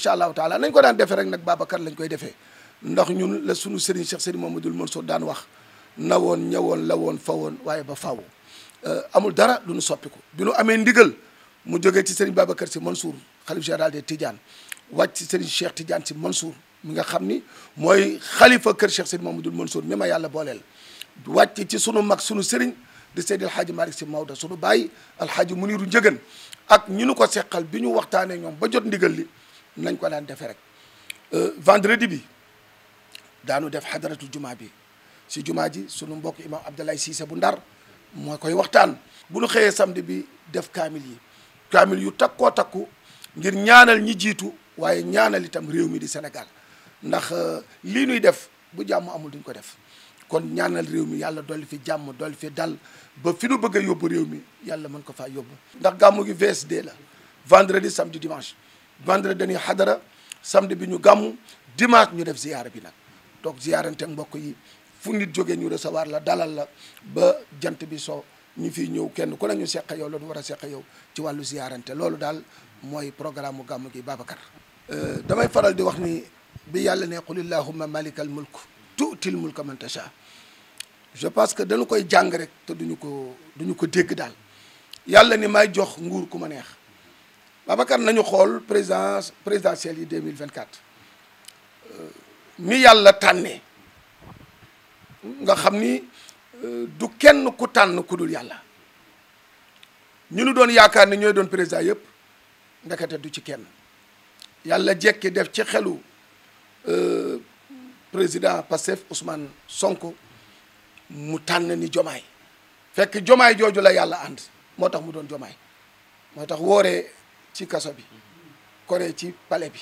incha allahu nañ ko daan defee rek nag Babacar lañ koy defee ndax ñun la sunu Serigne Cheikh Serigne Mamadou Mansour daan wax na woon ñëwoon la woon fa waaye ba faaw euh, amul dara lu nu soppi ko bi nu amee ndigal mu jógee ci Serigne Babacar Sy Mansour xalif général de Tidiane wàcc ci Serigne Cheikh Tidiane Sy Mansour mi nga xam ni mooy xalifa kër Cheikh Serigne Mamadou Mansour mi ma yàlla booleel wàcc ci sunu mag sunu Serigne di Seydi El Hadji Malick Sy Maodo sunu bàyyi El mu Muniru Njëgën ak ñu nu ko seqal bi ñu waxtaanee ñoom ba jot ndigal li. nañ ko daan defee rek euh, vendredi bi daanu def xadaratu jumaa bi si jumaa ji sunu mbokk imam Abdoulaye Cissé bu ndar moo koy waxtaan bu ñu xëyee samedi bi def kaamil yi kaamil yu takkoo takku ngir ñaanal ñi jiitu waaye ñaanal itam réew mi di Sénégal ndax euh, lii nuy def bu jàmm amul duñ ko def kon ñaanal réew mi yàlla dolli fi jàmm dolli fi dal ba fi nu bëgg yóbbu réew mi yàlla mën ko faa yóbbu ndax gàmmu gi de la vendredi samedi dimanche vendredi dañuy xadara samedi bi ñu gàmmu dimanche ñu def ziyaara bi nag toog ziyaarante mbokk yi fu nit jógee ñu recevoir la dalal la ba jant bi soo ñu fiy ñëw kenn ku ne ñu seq yow la ñu war a seq yow ci wàllu ziyaarante loolu daal mooy programme mu gàmmu gi Babacar. Euh, damay faral di wax ni bi yàlla ne qul illahumma malikal mulk tuutil mulka man tasha je pense que dañu koy jàng rek te duñu ko duñu ko dégg daal yàlla ni may jox nguur ku ma neex. Babacar nañu xool présidence présidentielle yi 2024 mi euh, yàlla tànnee nga xam ni euh, du kenn ku tànn ku dul yàlla ñu nu doon yaakaar ne ñooy doon président yëpp ndekete du ci kenn yàlla jekki def ci xelu euh, président Pastef Ousmane Sonko mu tànn ni jomaay fekk jomaay jooju la yàlla and moo tax mu doon jomaay moo tax wooree ci kaso bi Corée ci pale bi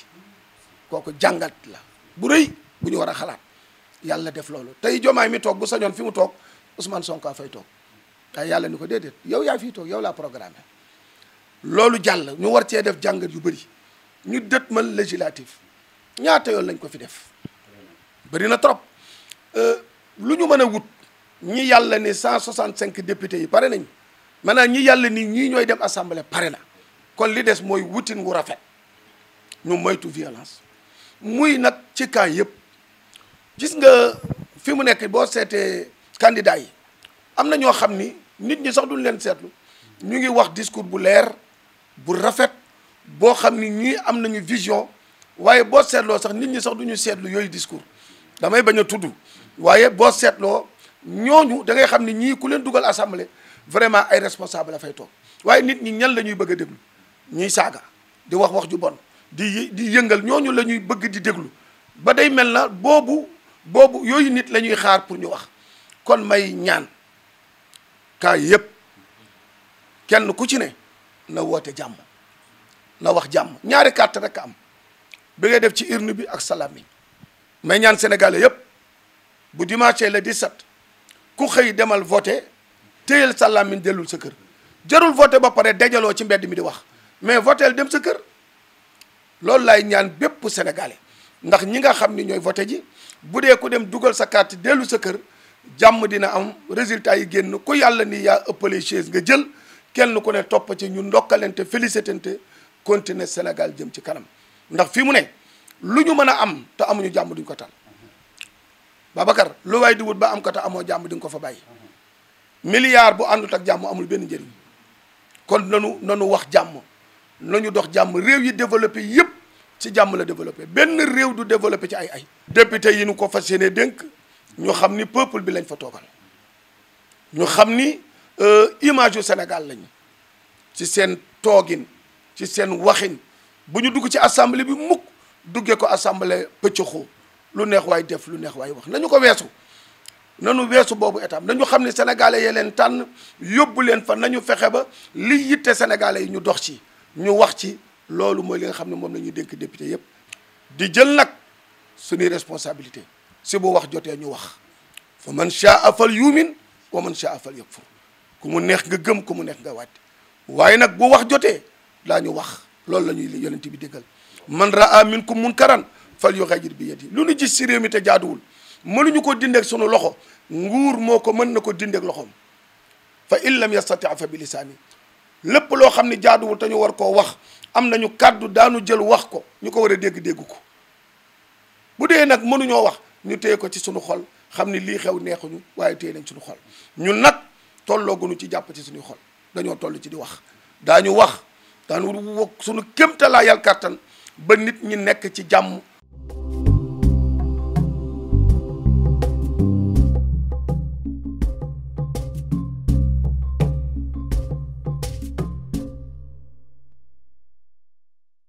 kooku jàngat la bu rëy bu ñu war a xalaat yàlla def loolu tey jomaay mi toog bu sañoon fi mu toog Ousmane Sonko fay toog waaye yàlla ni ko déedéet yow yaa fiy toog yow laa programme loolu jàll ñu war cee def jàngat yu bëri ñu dëtmal législatif ñaata yoon lañ ko fi def bari na trop euh, lu ñu mën a wut ñi yàlla ni 165 députés yi pare nañ maanaam ñi yàlla ni ñii ñooy dem assemblée pare na kon li des mooy wutin wu rafet ñu moytu violence muy nag ci cas yëpp gis nga fi mu nekk boo seetee candidats yi am na ñoo xam ni nit ñi sax duñ leen seetlu ñu ngi wax discours bu leer bu rafet boo xam ni ñii am nañu vision waaye boo seetloo sax nit ñi sax duñu seetlu yooyu discours damay bañ a tudd waaye boo seetloo ñooñu da ngay xam ni ñii ku leen dugal assemblée vraiment ay responsable la fay toog waaye nit ñi ñan la ñuy bëgg a déglu ñuy saaga di wax wax ju bon di di yëngal ñooñu la ñuy bëgg di déglu ba day mel na boobu boobu yooyu nit la ñuy xaar pour ñu wax kon may ñaan kaay yépp kenn ku ci ne na woote jàmm na wax jàmm ñaari carte rek am bi ngay def ci urne bi ak salaam yi may ñaan sénégalais yépp bu dimanche le 17 ku xëy demal voté téyel sa làmmiñ dellul sa kër jarul voté ba pare dajaloo ci mbedd mi di wax mais votel dem sa kër loolu laay ñaan bépp sénégalais ndax ñi nga xam ni ñooy voté ji bu dee ku dem dugal sa carte dellu sa kër jàmm dina am résultat yi génn ku yàlla ni yaa ëppale chaise nga jël kenn ku ne topp ci ñu ndokkalante félicitante continuer Sénégal jëm ci kanam ndax fii mu ne lu ñu mën a am te amuñu jàmm duñ ko tal Babacar lu waaye di wut ba am ko te amoo jàmm di ko fa bàyyi milliard bu àndut ak jàmm amul benn njëriñ kon nanu nanu wax jàmm la ñu dox jàmm réew yi développé yëpp ci jàmm la développé benn réew du développé ci ay ay député yi nu ko fas yéene dénk ñu xam ni peuple bi lañ fa toogal ñu xam ni euh, image yu Sénégal lañu ci seen toogin ci seen waxin bu ñu dugg ci assemblée bi mukk duggee ko assemblée pëccëxoo lu neex waay def lu neex waay wax nañu ko weesu nu weesu boobu étape nañu xam ne sénégalais yi leen tànn yóbbu leen fa nañu fexe ba li yitte sénégalais yi ñu dox si ñu wax ci loolu mooy li nga xam ne moom la dénk député yëpp di jël nag suñuy responsabilité si bu wax jotee ñu wax fa man shaa fal yuumin wa man shaa fal fu ku mu neex nga gëm ku mu neex nga wàcc waaye nag bu wax jotee daa ñu wax loolu la ñuy yonent bi déggal man raa mun karan fal yughayyir bi yadihi lu ñu ji si réew mi te jaaduwul ñu ko dindeeg sunu loxo nguur moo ko mën na ko dindeeg loxoom fa in lam yastati fa bi lépp loo xam ni jaaduwul te ñu war koo wax am nañu kàddu daanu jël wax ko ñu ko war a dégg dégg ko bu dee nag mënuñoo wax ñu téye ko ci suñu xol xam ni lii xew neexuñu waaye téye nañ suñu xol ñun nag tollooguñu ci jàpp ci suñuy xol dañoo toll ci di wax daañu wax daanu suñu kémtalaa yàl kàttan ba nit ñi nekk ci jàmm